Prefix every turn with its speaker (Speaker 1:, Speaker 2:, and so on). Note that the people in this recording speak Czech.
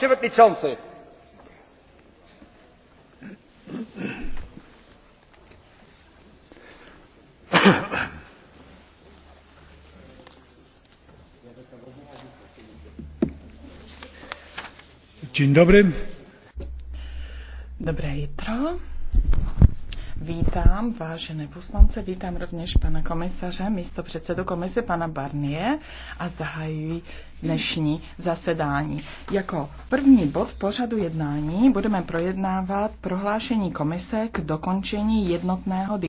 Speaker 1: Przewodniczący.
Speaker 2: Dzień dobry.
Speaker 3: Dobre jutro. Vítám vážené poslance, vítám rovněž pana komisaře, místo předsedu komise pana Barnie a zahajuji dnešní zasedání. Jako první bod pořadu jednání budeme projednávat prohlášení komise k dokončení
Speaker 4: jednotného